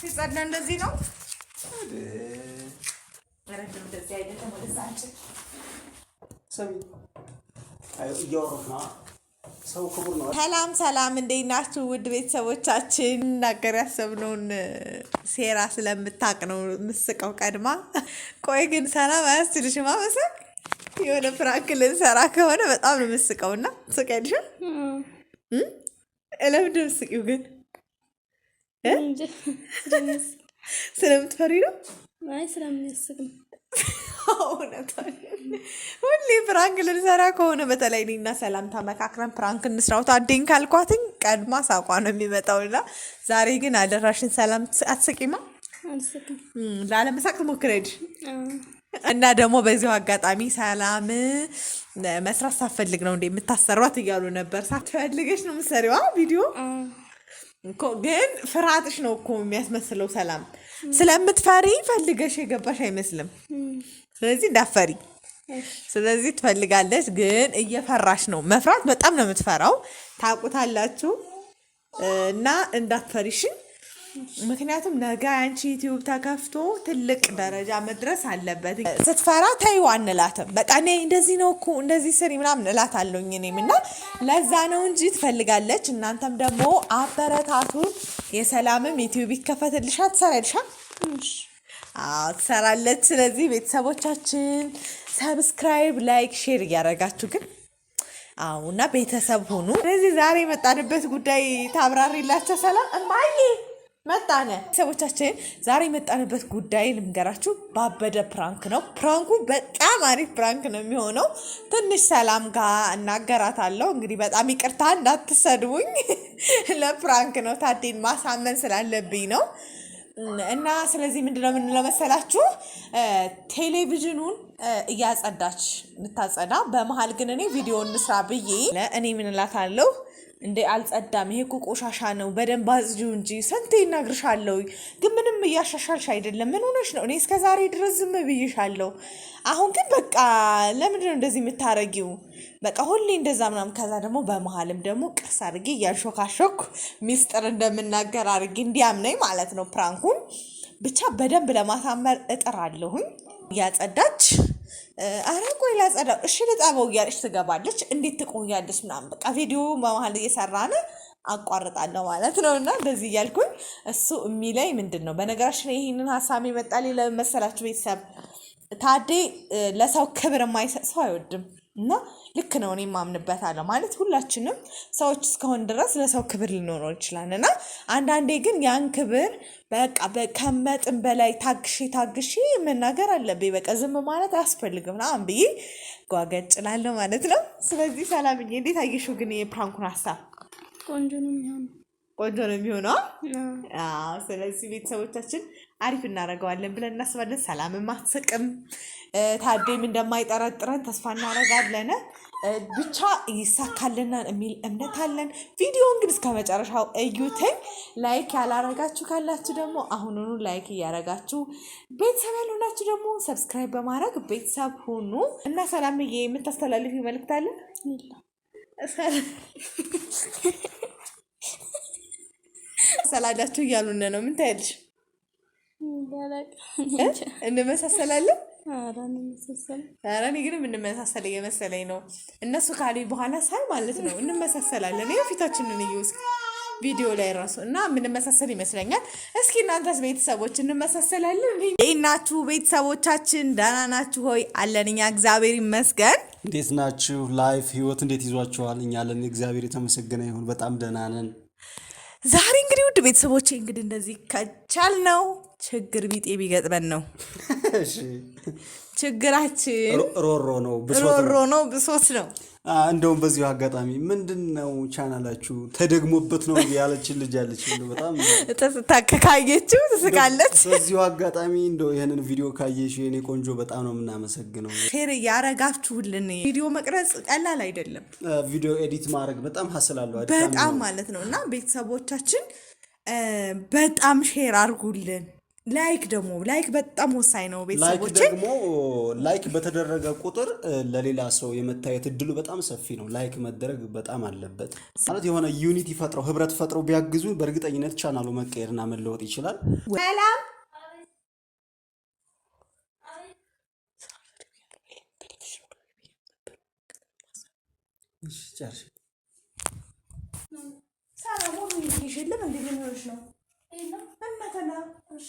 ሲጸዳ እንደዚህ ነው። ሰላም ሰላም፣ እንዴት ናችሁ ውድ ቤተሰቦቻችን? ያሰብነውን ሴራ ስለምታቅ ነው የምትስቀው ቀድማ። ቆይ ግን ሰላም አያስችልሽም። የሆነ ፍራንክ ልንሰራ ከሆነ በጣም ነው እና ስቀልሽ ግን ስለምትፈሪ ነው? አይ ስለምንያስብ ነው። ሁሌ ፕራንክ ልንሰራ ከሆነ በተለይ እኔና ሰላም ተመካክረን ፕራንክ እንስራው ታዴን ካልኳትኝ ቀድማ ሳቋ ነው የሚመጣው እና ዛሬ ግን አደራሽን ሰላም አትስቂማ ላለመሳቅ ትሞክረድ እና ደግሞ በዚሁ አጋጣሚ ሰላም መስራት ሳትፈልግ ነው እንደ የምታሰሯት እያሉ ነበር። ሳትፈልገች ነው የምትሰሪዋ ቪዲዮ ግን ፍርሃትሽ ነው እኮ የሚያስመስለው። ሰላም ስለምትፈሪ ፈልገሽ የገባሽ አይመስልም። ስለዚህ እንዳፈሪ ስለዚህ ትፈልጋለች፣ ግን እየፈራሽ ነው። መፍራት በጣም ነው የምትፈራው። ታውቁታላችሁ እና እንዳትፈሪሽን ምክንያቱም ነገ አንቺ ዩቲዩብ ተከፍቶ ትልቅ ደረጃ መድረስ አለበት። ስትፈራ ተይው አንላትም። በቃ እኔ እንደዚህ ነው እኮ እንደዚህ ስሪ ምናምን እላት አለኝ እኔም እና ለዛ ነው እንጂ ትፈልጋለች። እናንተም ደግሞ አበረታቱን። የሰላምም ዩቲዩብ ይከፈትልሻ ትሰራልሻ ትሰራለች። ስለዚህ ቤተሰቦቻችን ሰብስክራይብ፣ ላይክ፣ ሼር እያደረጋችሁ ግን አሁና ቤተሰብ ሆኑ። ስለዚህ ዛሬ የመጣንበት ጉዳይ ታብራሪላቸው ሰላም እማዬ መጣነ ሰዎቻችን ዛሬ የመጣንበት ጉዳይ ልንገራችሁ፣ ባበደ ፕራንክ ነው። ፕራንኩ በጣም አሪፍ ፕራንክ ነው የሚሆነው። ትንሽ ሰላም ጋር እናገራታለሁ። እንግዲህ በጣም ይቅርታ እንዳትሰድቡኝ፣ ለፕራንክ ነው። ታዴን ማሳመን ስላለብኝ ነው። እና ስለዚህ ምንድነው የምንለው መሰላችሁ ቴሌቪዥኑን እያጸዳች የምታጸዳ በመሀል ግን እኔ ቪዲዮ እንስራ ብዬ እኔ ምንላታለሁ እንዴ አልጸዳም፣ ይሄ እኮ ቆሻሻ ነው፣ በደንብ አጽጂው እንጂ ስንቴ ይናግርሻለሁ፣ ግን ምንም እያሻሻልሽ አይደለም። ምን ሆነሽ ነው? እኔ እስከ ዛሬ ድረስ ዝም ብይሻለሁ። አሁን ግን በቃ ለምንድን ነው እንደዚህ የምታረጊው? በቃ ሁሌ እንደዛ ምናምን። ከዛ ደግሞ በመሀልም ደግሞ ቅርስ አድርጌ እያንሾካሾኩ ሚስጥር እንደምናገር አድርጌ እንዲያምነኝ ማለት ነው ፕራንኩን ብቻ በደንብ ለማሳመር እጥራለሁኝ። እያጸዳች አረ ቆይ ላጸዳው፣ እሺ ልጣመው እያለች ትገባለች። እንዴት ትቆያለች ምናምን በቃ ቪዲዮ በመሀል እየሰራን አቋርጣለሁ ማለት ነው። እና እንደዚህ እያልኩኝ እሱ የሚለኝ ምንድን ነው፣ በነገራችን ይህንን ሀሳብ የመጣልኝ ለመሰላችሁ ቤተሰብ ታዴ ለሰው ክብር የማይሰጥ ሰው አይወድም። እና ልክ ነው። እኔ ማምንበታለሁ ማለት ሁላችንም ሰዎች እስከሆን ድረስ ለሰው ክብር ልኖረው ይችላል እና አንዳንዴ ግን ያን ክብር በቃ ከመጥን በላይ ታግሼ ታግሼ መናገር አለብኝ። በቃ ዝም ማለት አያስፈልግም ና ብዬ ጓገጭ ማለት ነው። ስለዚህ ሰላምዬ፣ እንዴት አየሽው ግን የፕራንኩን ሀሳብ? ቆንጆ ነው የሚሆነው። ቆንጆ ነው የሚሆነው። ስለዚህ ቤተሰቦቻችን አሪፍ እናደርገዋለን ብለን እናስባለን። ሰላምም አትስቅም፣ ታዴም እንደማይጠረጥረን ተስፋ እናደርጋለን። ብቻ ይሳካልናል የሚል እምነት አለን። ቪዲዮን ግን እስከ መጨረሻው እዩትኝ። ላይክ ያላረጋችሁ ካላችሁ ደግሞ አሁኑኑ ላይክ እያረጋችሁ ቤተሰብ ያልሆናችሁ ደግሞ ሰብስክራይብ በማድረግ ቤተሰብ ሁኑ እና ሰላምዬ፣ የምታስተላልፍ ይመልክታለን ሰላዳችሁ እያሉነ ነው። ምን ታያለሽ? እንመሳሰላለን። ኧረ እኔ ግን እንመሳሰል እየመሰለኝ ነው። እነሱ ካሉኝ በኋላ ሳይ ማለት ነው እንመሳሰላለን። ይኸው ፊታችንን እዩ እስኪ ቪዲዮ ላይ ራሱ እና የምንመሳሰል ይመስለኛል። እስኪ እናንተስ ቤተሰቦች እንመሳሰላለን? ናችሁ ቤተሰቦቻችን ደህና ናችሁ ሆይ? አለን እኛ እግዚአብሔር ይመስገን። እንዴት ናችሁ? ላይፍ ህይወት እንዴት ይዟችኋል? እኛ አለን እግዚአብሔር የተመሰገነ ይሁን። በጣም ደህና ነን። ዛሬ እንግዲህ ውድ ቤተሰቦች እንግዲህ እንደዚህ ከቻል ነው ችግር ቢጤ ቢገጥመን ነው። ችግራችን ሮሮ ነው፣ ሮሮ ነው፣ ብሶት ነው። እንደውም በዚሁ አጋጣሚ ምንድን ነው ቻናላችሁ ተደግሞበት ነው ያለችን ልጅ አለች። በጣም ካየችው ትስቃለች። በዚሁ አጋጣሚ እንደው ይህንን ቪዲዮ ካየሽ የኔ ቆንጆ በጣም ነው የምናመሰግነው። ሼር ያረጋችሁልን። ቪዲዮ መቅረጽ ቀላል አይደለም። ቪዲዮ ኤዲት ማድረግ በጣም ሀስላለሁ በጣም ማለት ነው። እና ቤተሰቦቻችን በጣም ሼር አድርጉልን። ላይክ ደግሞ ላይክ በጣም ወሳኝ ነው። ቤተሰቦች ደግሞ ላይክ በተደረገ ቁጥር ለሌላ ሰው የመታየት እድሉ በጣም ሰፊ ነው። ላይክ መደረግ በጣም አለበት። ማለት የሆነ ዩኒቲ ፈጥረው ህብረት ፈጥረው ቢያግዙ በእርግጠኝነት ቻናሉ መቀየርና መለወጥ ይችላል። ሰላም እሺ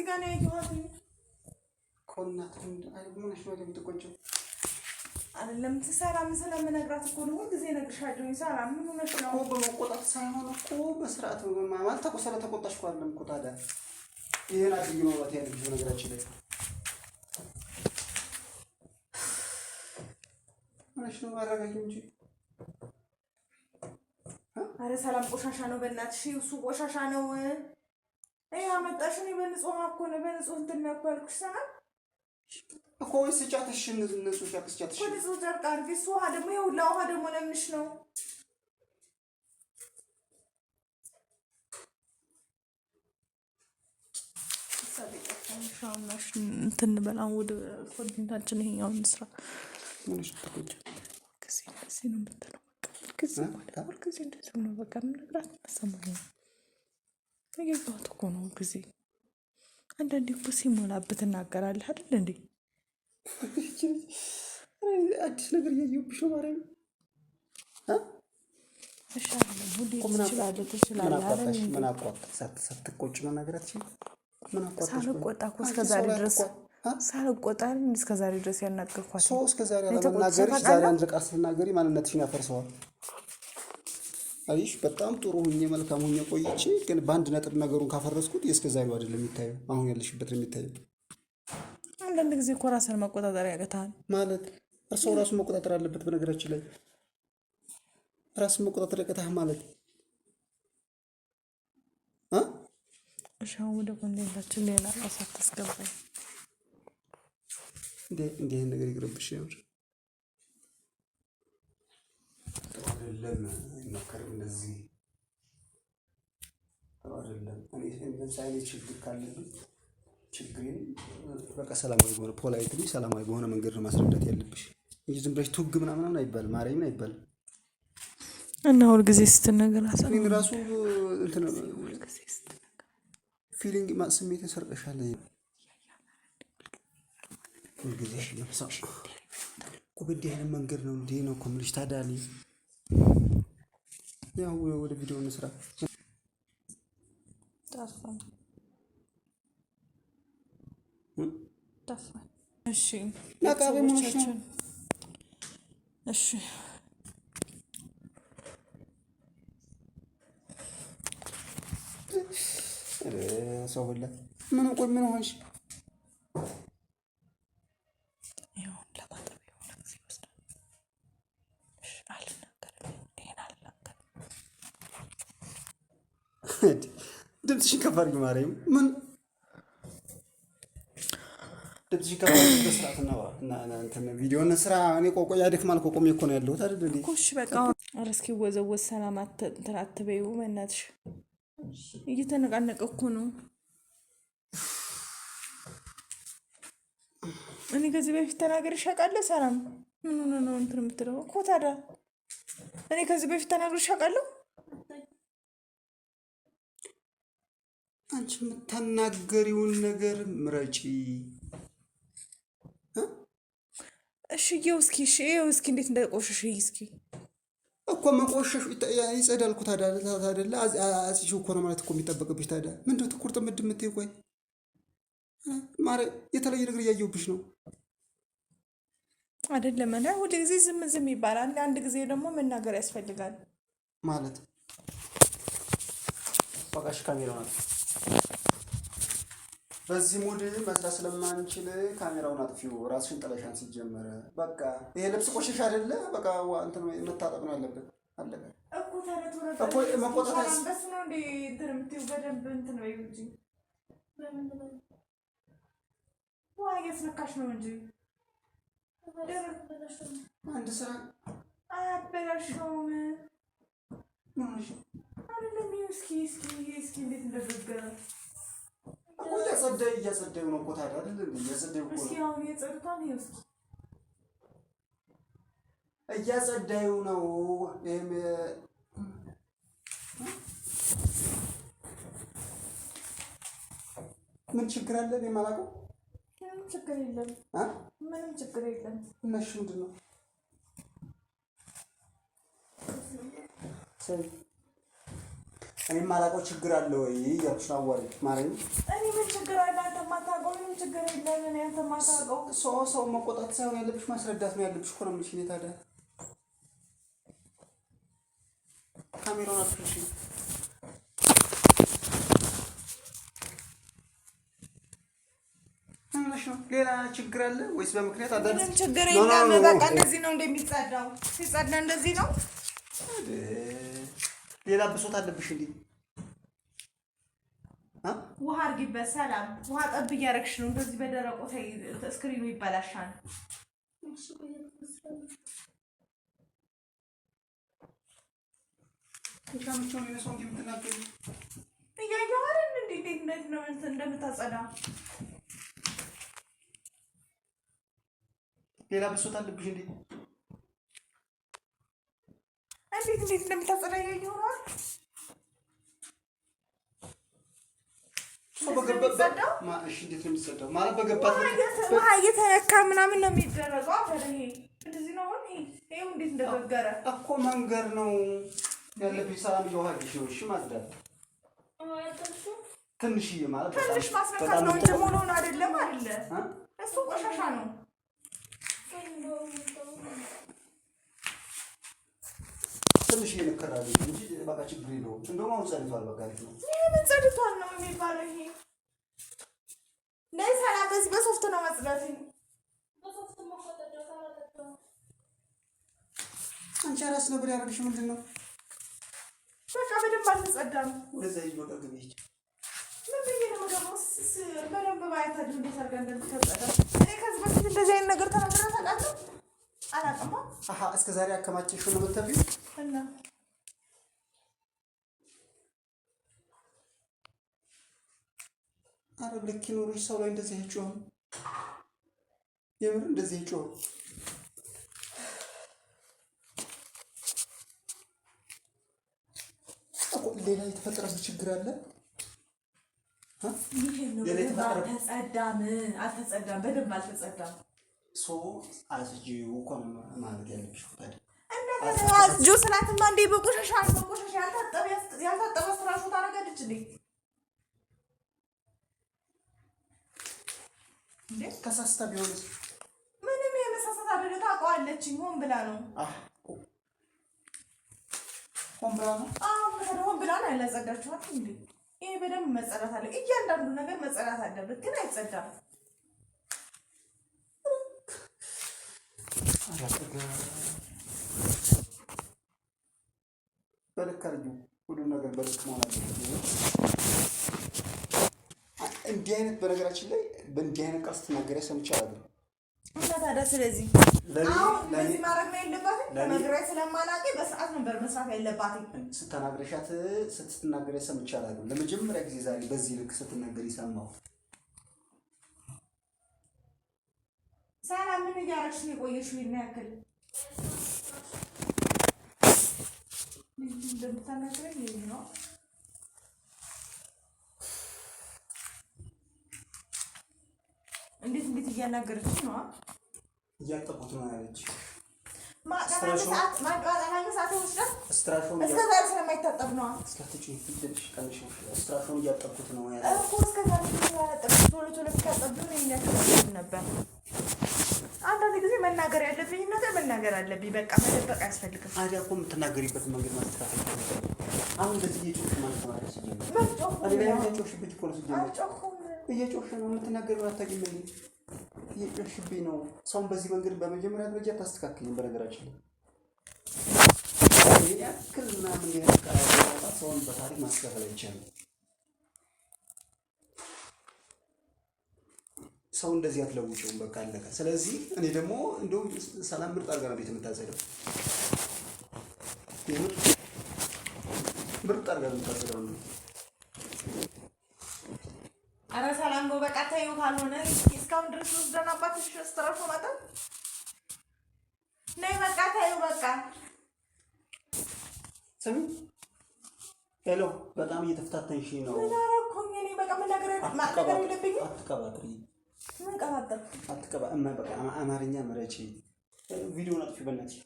እዚህ ጋር ነው ያየኋት እኮ ምን ሆነሽ ነው የምትቆጪው? አይደለም ትሰራ ምን ስለምነግራት እኮ ነው። ሁልጊዜ እነግርሻለሁ። ይሰራ ምን ሆነሽ ነው? በመቆጣት ሳይሆን እኮ በስርዓት ማለት ተቆ ስለተቆጣሽ እኮ አይደለም እኮ ታዲያ ይሄን አድርጊ መውራት ያለብሽ ነገራችን ላይ ሆነሽ ነው። አረጋጊ እንጂ አረ ሰላም ቆሻሻ ነው። በእናትሽ እሱ ቆሻሻ ነው። ይህ አመጣሽ ነው። በንጹህ ማኮ በንጹህ እንትን ነው እኮ ያልኩሽ ሰዓት እኮ ወይስ ጫትሽ ንጹህ ጫት ጫትሽ እኮ ንጹህ ጨርቅ አድርጊ። እሱ ውሃ ደግሞ ይሄ ሁላ ውሃ ደግሞ ለምንሽ ነው? እንትን ወደ ኮንቲንታችን ይሄኛውን ስራ ምን ነው የምትለው። በቃ ሁልጊዜ እንደዚህ ነው። በቃ ምን ነግራት አሰማኝ የገባት እኮ ነው ጊዜ አንዳንዴ እኮ ሲሞላበት እናገራለህ አይደል እንዴ? አዲስ ነገር እያየሁብሽ ነው ማርያም። ነው ነገራችን። ሳልቆጣ እስከዛሬ ድረስ እስከዛሬ ድረስ ያናገርኳት ሰው እስከዛሬ አለመናገርሽ ዛሬ አንድ ቃል ስትናገሪ ማንነትሽን ያፈርሰዋል። አይሽ በጣም ጥሩ ሁኜ መልካም ሁኜ ቆይቼ ግን በአንድ ነጥብ ነገሩን ካፈረስኩት የእስከ ይሉ አይደለም የሚታየው፣ አሁን ያለሽበት ነው የሚታየው። አንዳንድ ጊዜ እኮ ራስን መቆጣጠር ያገታል ማለት እርሰው ራሱ መቆጣጠር አለበት። በነገራችን ላይ ራስን መቆጣጠር ያገታህ ማለት ሻው ወደ ኮንቴንታችን ሌላ ራስ አታስገባኝ። እንዲህ ነገር ይቅርብሽ። ጥሩ አይደለም፣ አይመከርም። እንደዚህ ጥሩ አይደለም። በዛ አይነት ችግር ካለብኝ ችግሬን በቃ ሰላማዊ በሆነ ፖላይትሊ ሰላማዊ በሆነ መንገድ ነው ማስረዳት ያለብሽ እንጂ ዝም ብለሽ ትውግ ምናምን አይባልም፣ ማርያምን አይባልም። እና ሁልጊዜ ስትነገር እኔን ራሱ ፊሊንግ ስሜት ሰርቀሻል ሁልጊዜ እኮ በእንዲህ አይነት መንገድ ነው እንዲህ ነው እኮ የምልሽ። ያው ወደ ቪዲዮ እንስራ ሰው ብላ ምን ቆይ ምን ሆንሽ? ከፈርግ አድርጊ ማርያም። ምን ድምፅሽ ከፍ አድርጊ በስርዓት እና እየተነቃነቀ እኮ ነው። እኔ ከዚህ በፊት ተናግሬሽ አውቃለሁ። ሰላም ምን ሆነ ነው እንትን የምትለው እኮ ታዲያ። እኔ ከዚህ በፊት ተናግሬሽ አውቃለሁ አንቺ የምታናገሪውን ነገር ምረጪ። እሺ እስኪ እሺ እስኪ እንዴት እንደቆሸሽ እስኪ እኮ መቆሸሽ ይጸዳልኩ ታደለ አጽሽ እኮ ነው ማለት እኮ የሚጠበቅብሽ ታዲያ። ምንድን ትኩር ጥምድ ምድ የምትይው? ቆይ ማረ የተለየ ነገር እያየሁብሽ ነው አይደለም? እና ሁል ጊዜ ዝም ዝም ይባላል። አንድ ጊዜ ደግሞ መናገር ያስፈልጋል ማለት በቃሽ። ካሜራ ነው በዚህ ሙድ መስራት ስለማንችል ካሜራውን አጥፊው ራስሽን ጠለሻን። ሲጀመረ በቃ ይሄ ልብስ ቆሸሽ አይደለ? በቃ እንትን መታጠብ ነው ያለብን። አለቀ እኮ መቆጣት ያስነካሽ ነው እንጂ አንድ ስራ አያበላሸውም። እስኪ እስኪ እስኪ እንዴት እንደገገረ እኮ እያጸዳዩ ነው እኮ ታዲያ አይደል? እያጸዳዩ እኮ ነው እያጸዳዩ ነው። ምን ችግር አለ? እኔ የማላውቀው ምንም ችግር የለም። ምንም ችግር የለም። እና ምንድን ነው እኔ የማላውቀው ችግር አለ ወይ እያልኩሽ ነው። አዋሪ ማርያም፣ እኔ ምን ችግር አለ? አንተ የማታውቀው ምን ችግር የለም። እኔ አንተ የማታውቀው ሰው ሰው መቆጣት ሳይሆን ያለብሽ ማስረዳት ነው ያለብሽ እኮ ነው የምልሽ። እኔ ታዲያ ካሜራውን አትፍሽ ሌላ ችግር አለ ወይስ በምክንያት ምን ችግር የለም። በቃ እንደዚህ ነው እንደሚጸዳው። ሲጸዳ እንደዚህ ነው ሌላ ብሶት አለብሽ እንዴ? ውሃ አድርጊበት። ሰላም ውሃ ጠብ እያደረግሽ ነው። እንደዚህ በደረቁ እስክሪኑ ይበላሻል። እንዴት ነው እንደምታጸዳ። ሌላ ብሶት አለብሽ እንዴ? እንዴት እንዴት እንደምታጸዳ ይሆናል። እየተነካ ምናምን ነው የሚደረገው። እንደዚህ ነው መንገድ ነው ያለብኝ። ሰላም የውሃ ጊዜዎች ማጽዳት ማለት ነው አይደለም። አይደለ እሱ ቆሻሻ ነው። ትንሽ የመከራ እንጂ በቃ ችግር የለውም። እንደውም አሁን ጸድቷል። በቃ ልጅ ነው ምን ጸድቷል ነው የሚባለው ይሄ ነይ ሰላ በዚህ በሶፍት ነው መጽዳት። አንቺ አራስ ነበር ያደረግሽ ምንድን ነው? በቃ በደንብ አልተጸዳም። ወደዛ ይዞ ደግም ይች ምን ብዬ ነው በደንብ ባይታድ እንዴት አድርጋ እንደምትከጸዳ እኔ ከዚህ በፊት እንደዚህ አይነት ነገር ተናግራ ታውቃለህ? አላቅማ እስከ ዛሬ አከማቸሽ ነው የምትተቢው እና አረ ልክ ይኖርሽ ሰው ላይ እንደዚህ አይጮህም። የምር እንደዚህ አይጮህም። ሌላ የተፈጠረ ችግር አለ። ሌላ አልተጸዳም፣ በደንብ አልተጸዳም። ሶ አስጂው ቆም ማለት ያለብሽ ታዲያ እንደዚህ አስጁ ስላትማ እንደ በቆሻሻ በቆሻሻ ያልታጠበ ያልታጠበ ስራሹ እንዴ? እንዴ ተሳስታ ቢሆንስ ምንም የመሳሳት አደለ። ታውቀዋለች። ሆን ብላ ነው። ሆን ብላ ነው። ሆን ብላ ነው ያላጸዳችኋት እንዴ? ይሄ በደንብ መጸዳት አለ። እያንዳንዱ ነገር መጸዳት አለበት፣ ግን አይጸዳም። በልክ አድርጊ። ሁሉም ነገር በልክ መሆን እንዲህ አይነት በነገራችን ላይ በእንዲህ አይነት ቃል ስትናገሪ ሰምቼ እና ታዲያ ስለዚህ አሁን ማድረግ ነው ያለባትም። ተናግሬ ስለማላውቅም በሰዓት ነበር መስራት ያለባትም። ስትናገረሻት ስትናገሪ ሰምቼ ለመጀመሪያ ጊዜ ዛሬ በዚህ ልክ ስትናገር ሰማሁ። እያደረግሽ ነው የቆየሽው የሚያክል እንደምታናግረኝ ይህ ነው። እንዴት እንዴት እያናገረች ነው እያጠቁት ነው ያለች ስለማይታጠብ ነው ነበር አንዳንድ ጊዜ መናገር ያለብኝ ነገር መናገር አለብኝ። በቃ መደበቅ አያስፈልግም። አዲያ እኮ የምትናገሪበት መንገድ ማስተካከል አሁን በዚህ እየጮሽ ማለት እየጮሽብኝ እኮ እየጮሽ ነው የምትናገሪው። አታውቂም እንዴ? እየጮሽብኝ ነው። ሰውን በዚህ መንገድ በመጀመሪያ ደረጃ ታስተካክልም። በነገራችን ላይ ያክል ምናምን ሰውን በታሪክ ማስተካከል አይቻልም። ሰው እንደዚህ አትለውጭውም። በቃ አለቀ። ስለዚህ እኔ ደግሞ እንደው ሰላም ምርጥ አድርጋ ነው ቤት የምታጸደው፣ ምርጥ አድርጋ ነው አረ ሰላም ነው በቃ ተይው። ካልሆነ እስካሁን ድረስ ደህና አባትሽ ስትረፉ መጠን ነይ በቃ ተይው። በቃ ስሚ ሄሎ፣ በጣም እየተፈታተንሽ ነው። ምን አደረኩኝ እኔ? በቃ ምን ነገር አማርኛ መረጭ። ቪዲዮውን አጥፊው፣ በእናትሽ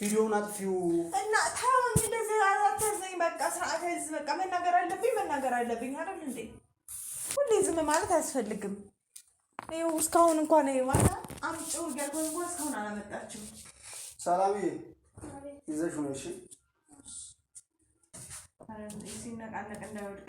ቪዲዮውን አጥፊው እና ታውን እንደዚህ አታዘኝ። በቃ ስርዓት ያዝ። በቃ መናገር አለብኝ መናገር አለብኝ አይደል እንዴ? ሁሌ ዝም ማለት አያስፈልግም። ይኸው እስካሁን እንኳን ዋና አምጪው እያልኩኝ እንኳን እስካሁን አላመጣችም። ሰላምዬ ይዘሽው ነው እሺ። ሲነቃነቅ እንዳይወድቅ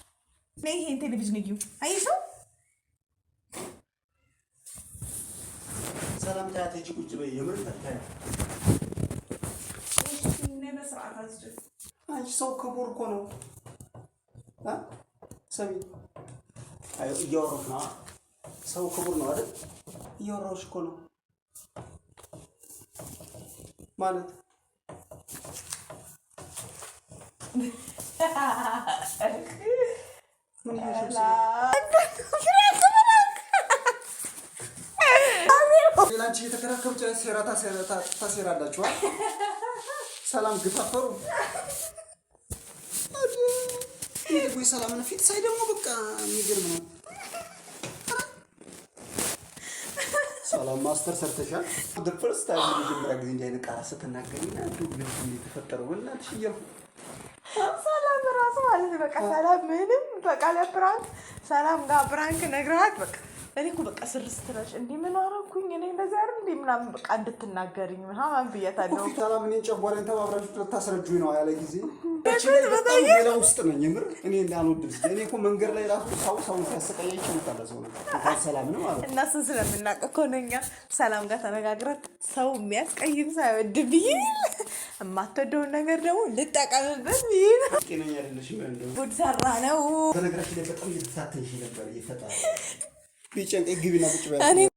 नहीं है टेलीविजन क्यों आई सो ሰላም ታያት እጅ ቁጭ በይ። የምር ፈታኝ አንቺ ሰው ክቡር እኮ ነው። ሰሚ እያወራሁሽ ነው። ሰው ክቡር ነው አይደል? እያወራሁሽ እኮ ነው ማለት ሌላንቺ እየተከራከሩ ሴራ ታሴራላችኋል። ሰላም ግፋፈሩ ወይ ሰላምን ፊት ሳይ ደግሞ በቃ የሚገርም ነው። ሰላም ማስተር ሰርተሻል። ፈርስት ታይም ጊዜ እንዲህ የተፈጠረው ሰላም ማለት በቃ ሰላም ምንም በቃ ለፕራንክ ሰላም ጋር ፕራንክ ነግረሃት በቃ እኔ እኮ በቃ ስርስት ነሽ እንዲህ ምን አደረኩኝ እኔ እንደዚህ አይደል እንዲህ ምናምን በቃ እንድትናገርኝ ምናምን ብያታለሁ። ሰላም እኔን ጨጓራኝ ተባብራችሁ ልታስረጁኝ ነው ያለ ጊዜ ሌላ ውስጥ ነኝ። የምር እኔ እንዳልወድም እኔ እኮ መንገድ ላይ ራሱ ሰው ሰውን ሲያሰቃየኝ ይችሉታለ ሰው ሰላም ነው ማለት እና እሱን ስለምናውቅ እኮ ሰላም ጋር ተነጋግረን ሰው የሚያስቀይም ሳይወድ ብዬ የማትወደውን ነገር ደግሞ ልጠቀምበት። ጉድ ሰራ ነው። በነገራችን ላይ በጣም እየተሳተንሽ ነበር። ይፈጣል ቢጨንቀኝ ግቢና ቁጭ በል